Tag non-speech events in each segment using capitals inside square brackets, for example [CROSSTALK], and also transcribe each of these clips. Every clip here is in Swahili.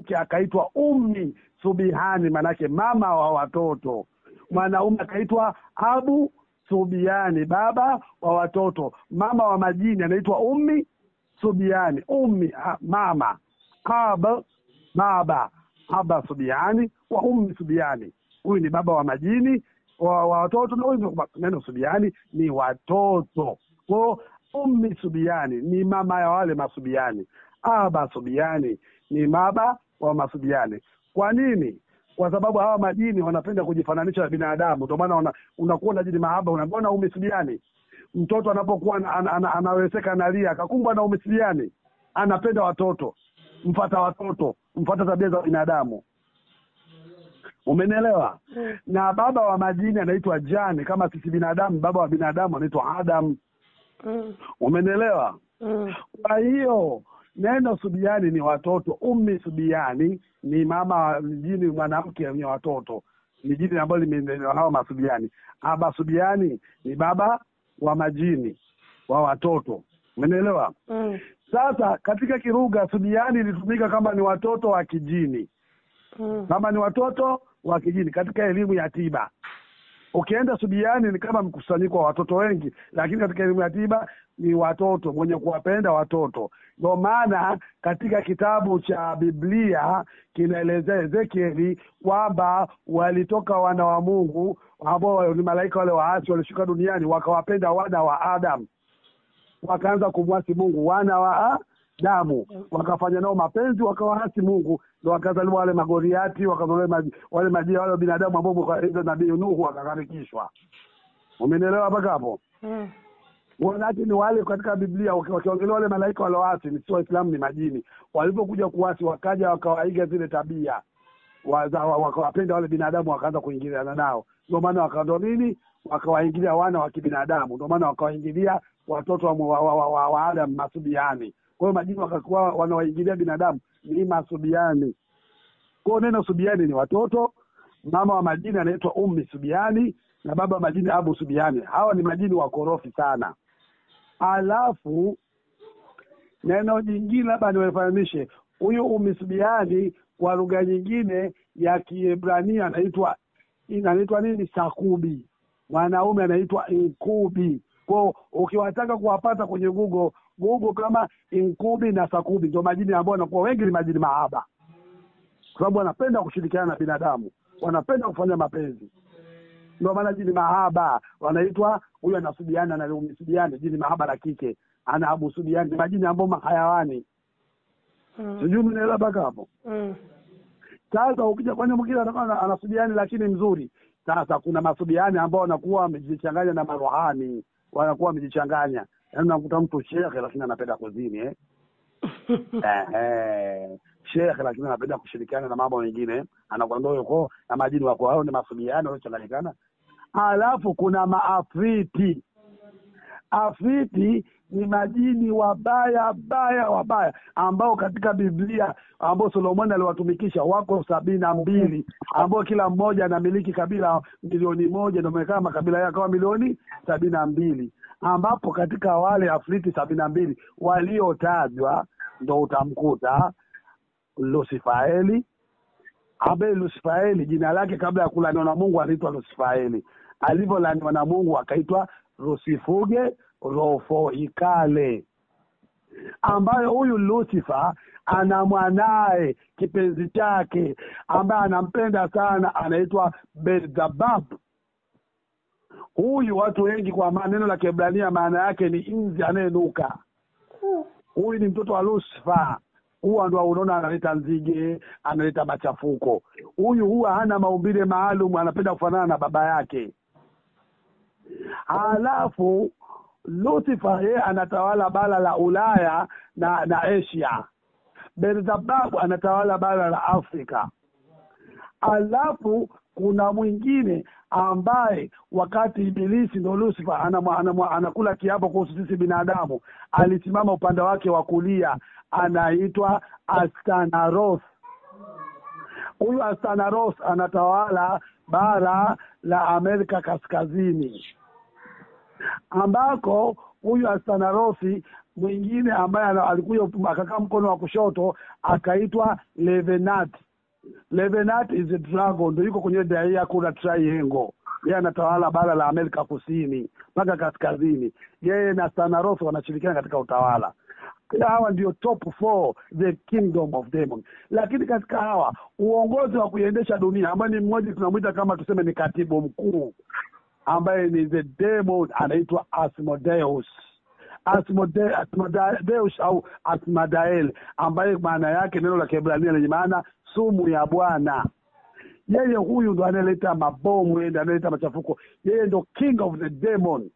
mwanamke akaitwa ummi subihani, maanake mama wa watoto. Mwanaume akaitwa abu subiani, baba wa watoto. Mama wa majini anaitwa ummi subiani, ummi mama, ab baba, aba subiani wa ummi subiani. Huyu ni baba wa majini wa, wa watoto, na huyu neno subiani ni watoto kwao. Ummi subiani ni mama ya wale masubiani. Aba subiani ni baba wamasubiane. Kwa nini? Kwa sababu hawa majini wanapenda kujifananisha na binadamu, ndio maana unakuwa na jini mahaba, unaona umisubiani. Mtoto anapokuwa an, an, an, anawezeka analia, akakumbwa na umisubiani, anapenda watoto, mfata watoto, mfata tabia za binadamu. Umenielewa? Mm. Na baba wa majini anaitwa jani kama sisi binadamu, baba wa binadamu anaitwa Adam. Mm. Umenielewa? Mm. Kwa hiyo Neno subiani ni watoto. Ummi subiani ni mama mjini, mwanamke wenye watoto, ni jini ambalo limeendelewa hawa masubiani. Aba subiani ni baba wa majini wa watoto, umenaelewa mm. Sasa katika kirugha subiani ilitumika kama ni watoto wa kijini mm. kama ni watoto wa kijini katika elimu ya tiba Ukienda Subiani ni kama mkusanyiko wa watoto wengi, lakini katika elimu ya tiba ni watoto, mwenye kuwapenda watoto. Ndio maana katika kitabu cha Biblia kinaelezea Ezekieli kwamba walitoka wana wa Mungu ambao ni malaika wale waasi walishuka duniani, wakawapenda wana wa Adamu, wakaanza kumwasi Mungu. Wana wa damu, wakafanya nao mapenzi, wakawaasi Mungu, ndo wakazaliwa wale magoriati, wakazaliwa maj, wale majia wale binadamu ambao kwa nabii Nuhu wakakarikishwa. Umenielewa mpaka hapo? mm. Wanati ni wale katika Biblia wakiongelea wale malaika walioasi, ni sio Waislamu, ni majini. Walipokuja kuasi, wakaja wakawaiga zile tabia, waza wakawapenda wale binadamu, wakaanza kuingiliana nao. Ndio maana wakaanza nini, wakawaingilia wana wa kibinadamu. Ndio maana wakawaingilia watoto wa, wa, wa, wa, wa Adam masubiani, kwa hiyo majini wakakuwa wanawaingilia binadamu ni masubiani. kwao neno subiani ni watoto. Mama wa majini anaitwa Ummi Subiani na baba wa majini Abu Subiani. Hawa ni majini wakorofi sana. Alafu neno jingine labda niwafananishe, huyu Ummi Subiani kwa lugha nyingine ya Kiebrania anaitwa anaitwa nini? Sakubi. Mwanaume anaitwa Inkubi. kwao ukiwataka kuwapata kwenye Google gugu kama inkubi na sakubi, ndio majini ambayo wanakuwa wengi ni majini mahaba, kwa sababu wanapenda kushirikiana na binadamu, wanapenda kufanya mapenzi. Ndio maana jini mahaba wanaitwa, huyu anasubiana na umisubiani, jini mahaba la kike ana abusubiani, majini ambao mahayawani. Mm. Sijui mnaelewa mpaka hapo. Mm. Sasa ukija kwani mwingine anakuwa anasubiani lakini mzuri. Sasa kuna masubiani ambao wanakuwa wamejichanganya na maruhani, wanakuwa wamejichanganya yaani unakuta mtu shehe lakini anapenda kuzini eh? [LAUGHS] eh, lakini anapenda kushirikiana na mambo mengine, anakwambia yuko na majini wako hao ni masubiani waliochanganyikana. Alafu kuna maafriti. Afriti ni majini wabaya baya wabaya, ambao katika Biblia ambao Solomoni aliwatumikisha wako sabini na mbili, ambao kila mmoja anamiliki kabila milioni moja, ndio makabila yao akawa milioni sabini na mbili ambapo katika wale afriti sabini na mbili waliotajwa ndo utamkuta Lusifaeli ambaye Lusifaeli jina lake kabla ya kulaniwa na Mungu aliitwa Lusifaeli, alivyolaniwa na Mungu akaitwa Rusifuge Rofoikale, ambayo huyu Lusifa ana mwanaye kipenzi chake ambaye anampenda sana, anaitwa belzabab Huyu watu wengi kwa maneno la Kiebrania maana yake ni nzi anayenuka. Huyu ni mtoto wa Lusifa, huwa ndo unaona analeta nzige, analeta machafuko. Huyu huwa hana maumbile maalum, anapenda kufanana na baba yake. Halafu Lusifa yeye anatawala bara la Ulaya na na Asia. Belzebabu anatawala bara la Afrika. Alafu kuna mwingine ambaye wakati Ibilisi ndo Lusifa anakula kiapo kuhusu sisi binadamu, alisimama upande wake wa kulia, anaitwa Astanaros. Huyu Astanaros anatawala bara la Amerika Kaskazini, ambako huyu Astanarothi mwingine ambaye alikuja akakaa mkono wa kushoto akaitwa Levenati Levenat is a dragon, ndio yuko kwenye daia, kuna triangle yeye anatawala bara la Amerika Kusini mpaka kaskazini. Yeye na Sanaroso wanashirikiana katika utawala. Hawa ndio top four, the kingdom of demon. Lakini katika hawa uongozi wa kuiendesha dunia ambaye ni mmoja tunamwita kama tuseme ni katibu mkuu ambaye ni the demon, anaitwa Asmodeus. Asmodeus au Asmadael, ambaye maana yake neno la Kiebrania lenye maana sumu ya Bwana. Yeye huyu ndo anayeleta mabomu, yeye ndo analeta machafuko, yeye ndo king of the demon.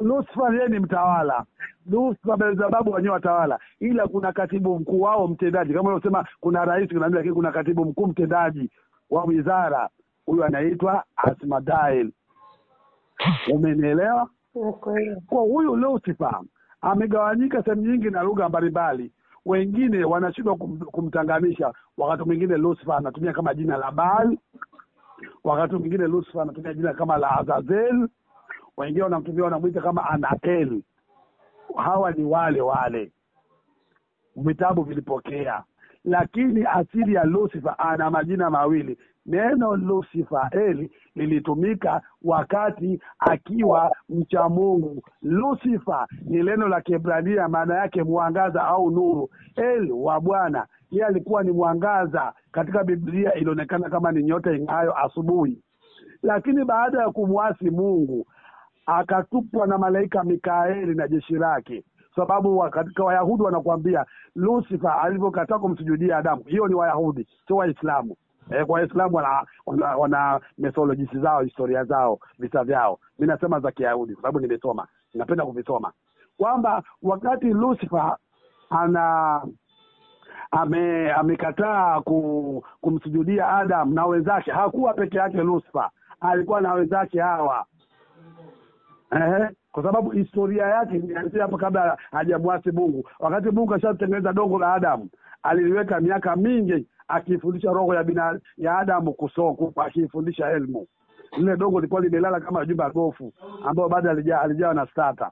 Lucifer yeye ni mtawala, Lucifer Beelzebub wenyewe watawala, ila kuna katibu mkuu wao mtendaji, kama unavyosema kuna rais, lakini kuna katibu mkuu mtendaji wa wizara, huyu anaitwa Asmadael. Umenielewa? Kwa huyu Lucifer amegawanyika sehemu nyingi na lugha mbalimbali wengine wanashindwa kum, kumtanganisha. Wakati mwingine Lucifer anatumia kama jina la Baal, wakati mwingine Lucifer anatumia jina kama la Azazel, wengine wanamtumia wanamwita kama Anakel. Hawa ni wale wale, vitabu vilipokea, lakini asili ya Lucifer ana majina mawili, Neno eli lilitumika wakati akiwa mcha Mungu. Lusifa ni neno la kibrania maana yake mwangaza au nuru. El wa Bwana, yeye alikuwa ni mwangaza. Katika Biblia ilionekana kama ni nyota ing'ayo asubuhi, lakini baada ya kumwasi Mungu akatupwa na malaika Mikaeli na jeshi lake sababu katika Wayahudi wanakuambia Lusifa alivyokataa kumsujudia Adamu, hiyo ni Wayahudi sio Waislamu eh, kwa Waislamu wana, wana, wana metholojisi zao, historia zao, visa vyao. Mi nasema za Kiyahudi kwa sababu nimesoma, napenda kuvisoma kwamba wakati Lucifer ana ame, amekataa ku, kumsujudia Adam na wenzake, hakuwa peke yake Lucifer, alikuwa na wenzake hawa ehe, kwa sababu historia yake ilianzia hapo kabla hajamwasi Mungu. Wakati Mungu ashatengeneza dongo la Adamu, aliliweka miaka mingi akiifundisha roho ya bina, ya Adamu kusoku, akiifundisha elmu. Lile dongo lilikuwa limelala kama jumba gofu, ambayo baada alijawa na stata.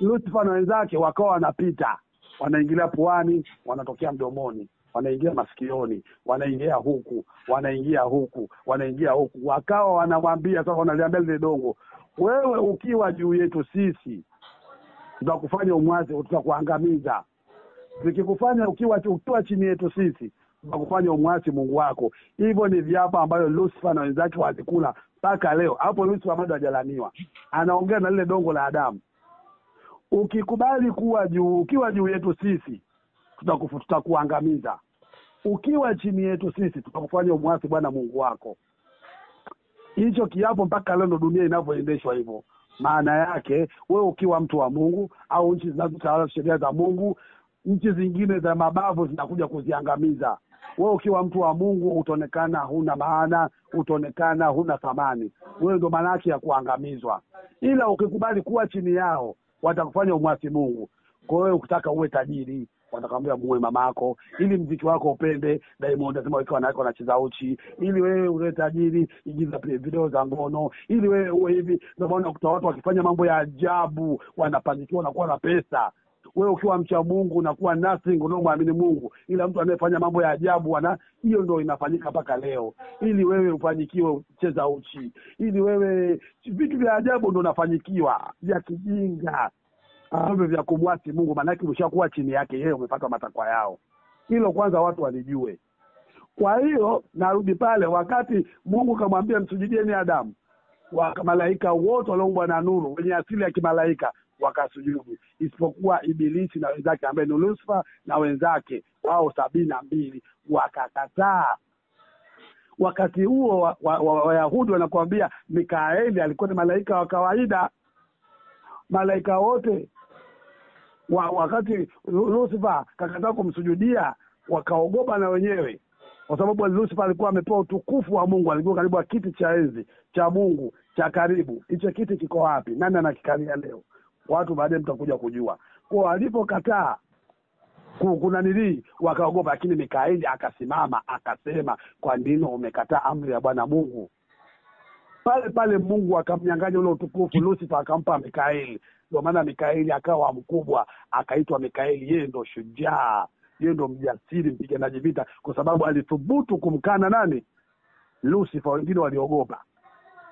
Lutfa na wenzake wakawa wanapita, wanaingilia puani, wanatokea mdomoni wanaingia masikioni, wanaingia huku, wanaingia huku, wanaingia huku, wakawa wanamwambia sasa, wanaliambia lile dongo, wewe ukiwa juu yetu sisi tutakufanya umwazi, tutakuangamiza. Zikikufanya ukiwa ukiwa chini yetu sisi wakufanya umwasi Mungu wako. Hivyo ni viapo ambayo Lucifer na wenzake wazikula mpaka leo. Hapo Lucifer bado hajalaniwa, anaongea na lile dongo la Adamu. Ukikubali kuwa juu, ukiwa juu yetu sisi tutakuangamiza. Ukiwa chini yetu sisi tutakufanya umwasi Bwana Mungu wako. Hicho kiapo mpaka leo ndo dunia inavyoendeshwa hivyo. Maana yake wewe ukiwa mtu wa Mungu au nchi zinazotawala sheria za Mungu, nchi zingine za mabavu zinakuja kuziangamiza wewe ukiwa mtu wa Mungu utaonekana huna maana, utaonekana huna thamani. Wewe ndio maana yake ya kuangamizwa, ila ukikubali kuwa chini yao watakufanya umwasi Mungu. Kwa hiyo ukitaka uwe tajiri watakwambia muue mamako, ili mziki wako upende. Diamond anasema na wanawake wanacheza uchi, ili wewe uwe tajiri, ingiza video za ngono, ili wewe uwe hivi. Ndio maana ukuta watu wakifanya mambo ya ajabu, wanapangikiwa, wanakuwa na pesa wewe ukiwa mcha Mungu unakuwa nothing unaomwamini Mungu, ila mtu anayefanya mambo ya ajabu ana hiyo ndio inafanyika mpaka leo. Ili wewe ufanyikiwe, cheza uchi. Ili wewe vitu vya ajabu ndio unafanyikiwa vya kijinga ambavyo vya kumwasi Mungu, maanake umeshakuwa chini yake yeye, umepata matakwa yao. Hilo kwanza watu walijue. Kwa hiyo narudi pale, wakati Mungu kamwambia msujudieni Adamu, wa malaika wote walioumbwa na nuru wenye asili ya kimalaika wakasujudu, isipokuwa Ibilisi na wenzake ambaye ni lusfa na wenzake wao sabini na mbili wakakataa. Wakati huo Wayahudi wa, wa, wanakuambia Mikaeli alikuwa ni malaika wa kawaida, malaika wote wa, wakati lusfa kakataa kumsujudia wakaogopa na wenyewe kwa sababu lusfa alikuwa amepewa utukufu wa Mungu, alikuwa karibu kiti cha enzi cha Mungu cha karibu. Hicho kiti kiko wapi? Nani anakikalia leo? watu baadaye mtakuja kujua. Kwa alipokataa kuna nilii wakaogopa, lakini Mikaeli akasimama akasema, kwa nini umekataa amri ya Bwana Mungu? Pale pale Mungu akamnyang'anya ule utukufu, Lusifa akampa Mikaeli. Ndio maana Mikaeli akawa mkubwa, akaitwa Mikaeli. Yeye ndo shujaa, yeye ndo mjasiri, mpiganaji vita, kwa sababu alithubutu kumkana nani? Lusifa. Wengine waliogopa.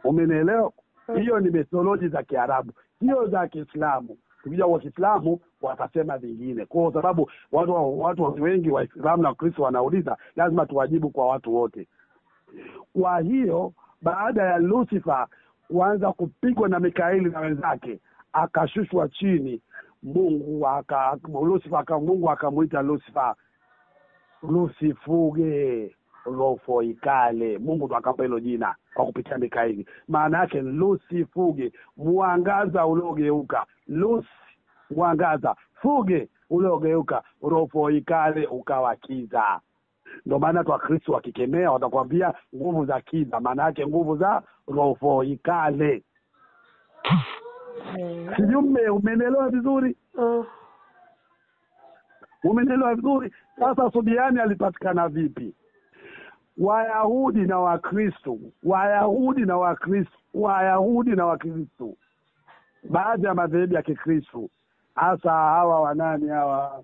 Umenielewa? Mm. Hiyo ni metholoji za Kiarabu sio za Kiislamu. Tukija kwa Kiislamu watasema vingine, kwa sababu watu watu wengi Waislamu na Wakristo wanauliza, lazima tuwajibu kwa watu wote. Kwa hiyo baada ya Lucifer kuanza kupigwa na Mikaeli na wenzake, akashushwa chini, Mungu aka Lucifer aka Mungu akamwita Lucifer, lusifuge rofo ikale. Mungu ndo akampa hilo jina kwa kupitandika hivi. Maana yake lusi fuge, mwangaza uliogeuka, lusi mwangaza, fuge uliogeuka, rofo ikale ukawa kiza. ndo maana tu wakristu wakikemea watakwambia nguvu za kiza, maana yake nguvu za rofo ikale. Mm. Sijui mme umenelewa vizuri? Mm. umenelewa vizuri? Sasa Subiani alipatikana vipi? Wayahudi na Wakristo, Wayahudi na Wakristo, Wayahudi na Wakristo, baadhi ya madhehebu ya Kikristo, hasa hawa wanani, hawa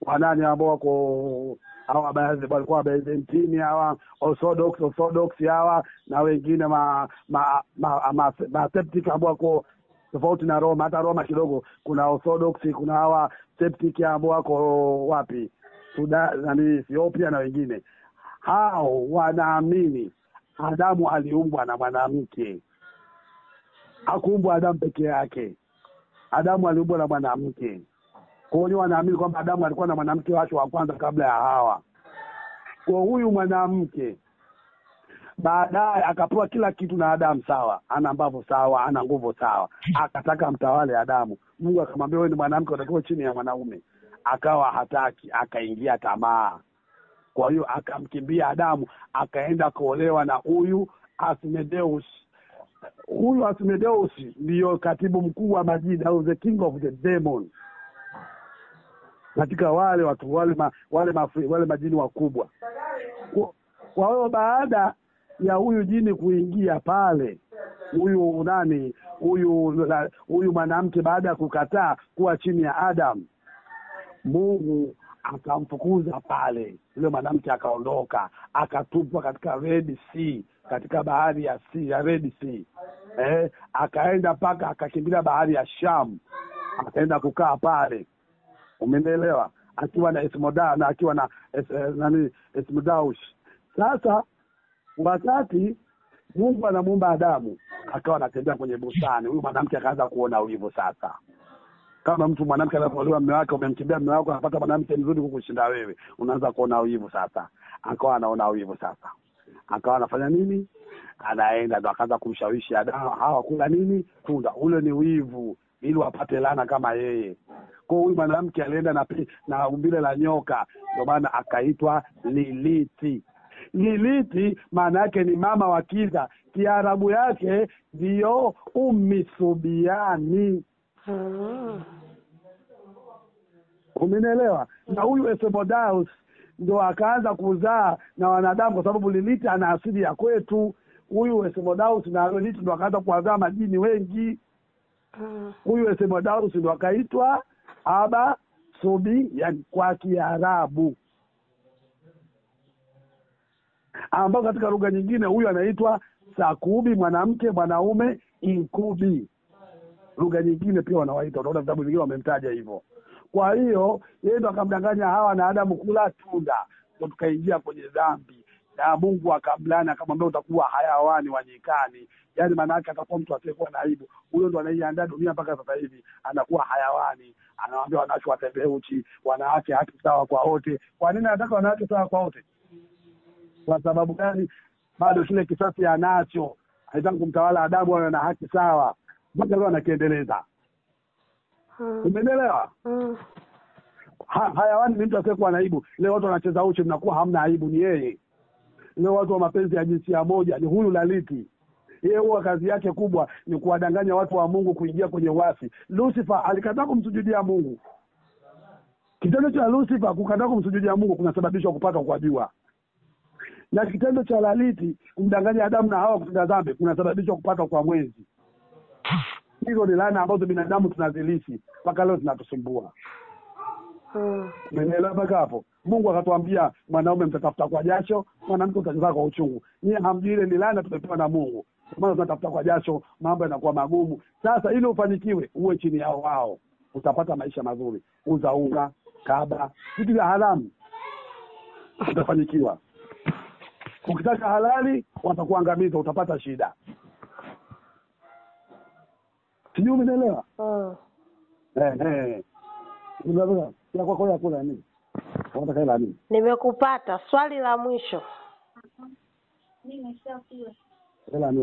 wanani ambao wako hawa baadhi walikuwa Byzantini hawa Orthodox Orthodox hawa na wengine ma ma ma, ma, ma ma, ambao wako tofauti na Roma. Hata Roma kidogo kuna Orthodox, kuna hawa septic ambao wako wapi Sudan, nani Ethiopia na wengine hao wanaamini Adamu aliumbwa na mwanamke, hakuumbwa Adamu peke yake. Adamu aliumbwa na mwanamke, kwa hiyo wanaamini kwamba Adamu alikuwa na mwanamke wake wa kwanza kabla ya Hawa. Kwa huyu mwanamke baadaye akapewa kila kitu na Adamu, sawa, ana mbavu sawa, ana nguvu sawa, akataka mtawale Adamu. Mungu akamwambia wewe ni mwanamke, unatakiwa chini ya mwanaume, akawa hataki, akaingia tamaa kwa hiyo akamkimbia Adamu, akaenda kuolewa na huyu asmedeus Huyu asmedeus ndiyo katibu mkuu wa majini au the king of the demon katika wale watu wale ma, wale, mafri, wale majini wakubwa. Kwa hiyo baada ya huyu jini kuingia pale, huyu nani, huyu huyu mwanamke, baada ya kukataa kuwa chini ya Adamu, Mungu akamfukuza pale. Yule mwanamke akaondoka, akatupwa katika Red Sea, katika bahari ya sea, ya Red Sea. Eh, akaenda mpaka akakimbilia bahari ya sham akaenda kukaa pale, umenielewa? Akiwa na Esmoda na akiwa na es, eh, nani Esmodaush. Sasa wakati Mungu anamuumba Adamu, akawa anatembea kwenye bustani, huyu mwanamke akaanza kuona ulivyo sasa kama mtu mwanamke anapolewa mme wake, umemkimbia mme wako, anapata mwanamke mzuri kukushinda wewe, unaanza kuona wivu sasa. Akawa anaona wivu sasa, akawa anafanya nini? Anaenda ndo akaanza kumshawishi Adamu, hawa kula nini? Tunda. Ule ni wivu, ili wapate lana kama yeye. ko huyu mwanamke alienda na, na umbile la nyoka, ndo maana akaitwa Liliti. Liliti maana yake ni mama wa kiza, Kiarabu yake ndiyo Umisubiani. Ah. Umenielewa? Na huyu Esemodaus ndo akaanza kuzaa na wanadamu, kwa sababu Lilith ana asili ya kwetu. Huyu Esemodaus na Lilith ndo akaanza kuwazaa majini wengi. Ah. Huyu Esemodaus ndo akaitwa Aba Subi, yani kwa Kiarabu, ambao katika lugha nyingine huyu anaitwa Sakubi, mwanamke, mwanaume, Inkubi lugha nyingine pia wanawaita, utaona vitabu vingine wamemtaja hivyo. Kwa hiyo yeye ndo akamdanganya Hawa na Adamu kula tunda, ndo tukaingia kwenye dhambi na Mungu akamlani akamwambia utakuwa hayawani wanyikani yani maana yake atakuwa mtu asiyekuwa na aibu. Huyo ndo anaiandaa dunia mpaka sasa hivi, anakuwa hayawani, anawaambia wanawake watembee uchi, wanawake haki sawa kwa wote. Kwa nini anataka wanawake sawa kwa wote? Kwa sababu gani? Bado kile kisasi anacho, alitaka kumtawala Adamu awe na haki sawa mpaka leo anakiendeleza hmm. umeelewa hmm. ha, hayawani ni mtu asiyekuwa na aibu leo watu wanacheza uchi mnakuwa hamna aibu ni yeye leo watu wa mapenzi ya jinsia moja ni huyu laliti yeye huwa kazi yake kubwa ni kuwadanganya watu wa mungu kuingia kwenye uasi lucifer alikataa kumsujudia mungu kitendo cha lucifer kukataa kumsujudia mungu kunasababishwa kupata kwa jua na kitendo cha laliti kumdanganya adamu na hawa kutenda dhambi kunasababishwa kupata kwa mwezi hizo ni laana ambazo binadamu tunazilishi mpaka leo zinatusumbua umenielewa hmm. mpaka hapo mungu akatuambia mwanaume mtatafuta kwa jasho mwanamke utazaa kwa uchungu nyie hamjui ile ni laana tumepewa na mungu maana tunatafuta kwa jasho mambo yanakuwa magumu sasa ili ufanikiwe uwe chini yao wao utapata maisha mazuri uza unga kaba vitu vya haramu utafanikiwa ukitaka halali watakuangamiza utapata shida sijui umenielewa ah. eh, eh. nini unataka hela nini nimekupata swali la mwisho